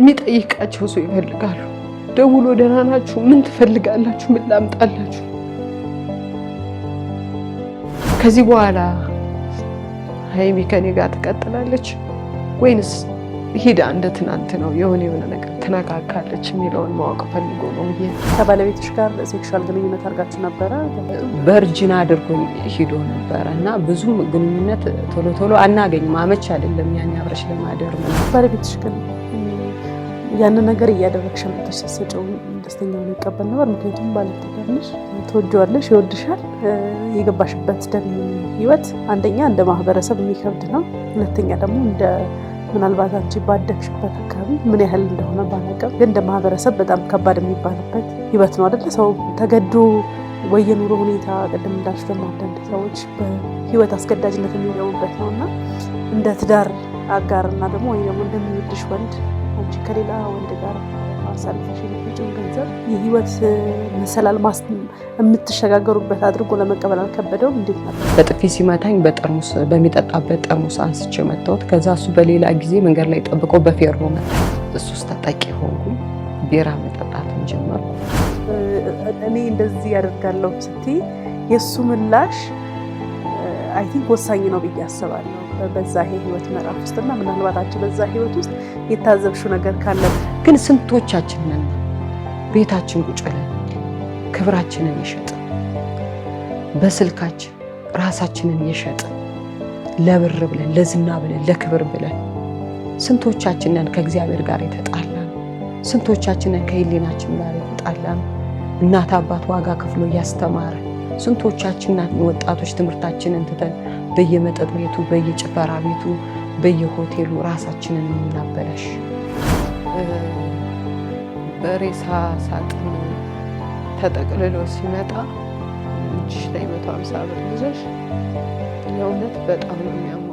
የሚጠይቃቸው ሰው ይፈልጋሉ። ደውሎ ደህና ናችሁ፣ ምን ትፈልጋላችሁ፣ ምን ላምጣላችሁ። ከዚህ በኋላ ሀይሚ ከኔ ጋር ትቀጥላለች ወይንስ ሂዳ እንደ ትናንት ነው የሆነ የሆነ ነገር ትነካካለች የሚለውን ማወቅ ፈልጎ ነው። ከባለቤቶች ጋር ሴክሹዋል ግንኙነት አድርጋችሁ ነበረ? በእርጅና አድርጎ ሂዶ ነበረ እና ብዙ ግንኙነት ቶሎ ቶሎ አናገኝም፣ አመች አይደለም። ያን አብረሽ ለማደር ነው ባለቤቶች ግን ያንን ነገር እያደረግሽ መጥተሽ ስትሰጪው ደስተኛ ሆኖ ይቀበል ነበር። ምክንያቱም ባለትዳር ትወጂዋለሽ፣ ይወድሻል። የገባሽበት ደም ህይወት አንደኛ እንደ ማህበረሰብ የሚከብድ ነው። ሁለተኛ ደግሞ እንደ ምናልባት አንቺ ባደግሽበት አካባቢ ምን ያህል እንደሆነ ባላውቅም፣ ግን እንደ ማህበረሰብ በጣም ከባድ የሚባልበት ህይወት ነው አደለ? ሰው ተገዶ ወይ የኑሮ ሁኔታ ቅድም እንዳልሽ ደግሞ አንዳንድ ሰዎች በህይወት አስገዳጅነት የሚገቡበት ነው እና እንደ ትዳር አጋርና ደግሞ ወይ ደግሞ እንደሚወድሽ ወንድ አንቺ ከሌላ ወንድ ጋር አሳልፈሽ የሚጭን ገንዘብ የህይወት መሰላል የምትሸጋገሩበት አድርጎ ለመቀበል አልከበደውም። እንዴት ነበር? በጥፊ ሲመታኝ በጠርሙስ በሚጠጣበት ጠርሙስ አንስቼ መታወት። ከዛ እሱ በሌላ ጊዜ መንገድ ላይ ጠብቆ በፌሮ መታ። እሱስ ተጠቂ ሆንኩ። ቢራ መጠጣትን ጀመር። እኔ እንደዚህ ያደርጋለሁ ስትይ የእሱ ምላሽ አይ ቲንክ ወሳኝ ነው ብዬ አስባለሁ። በዛ ህይወት ምዕራፍ ውስጥ እና አንቺ በዛ ህይወት ውስጥ የታዘብሽው ነገር ካለ ግን ስንቶቻችን ነን ቤታችን ቁጭ ብለን ክብራችንን የሸጥ በስልካችን ራሳችንን የሸጥ ለብር ብለን ለዝና ብለን ለክብር ብለን ስንቶቻችንን ከእግዚአብሔር ጋር የተጣላን? ስንቶቻችንን ከህሊናችን ጋር የተጣላን? እናት አባት ዋጋ ከፍሎ እያስተማረ ስንቶቻችንን ወጣቶች ትምህርታችንን ትተን በየመጠጥ ቤቱ፣ በየጭፈራ ቤቱ፣ በየሆቴሉ ራሳችንን የምናበላሽ በሬሳ ሳጥን ተጠቅልሎ ሲመጣ እጅሽ ላይ መቶ ሀምሳ ብር ይዘሽ የእውነት በጣም ነው የሚያሙ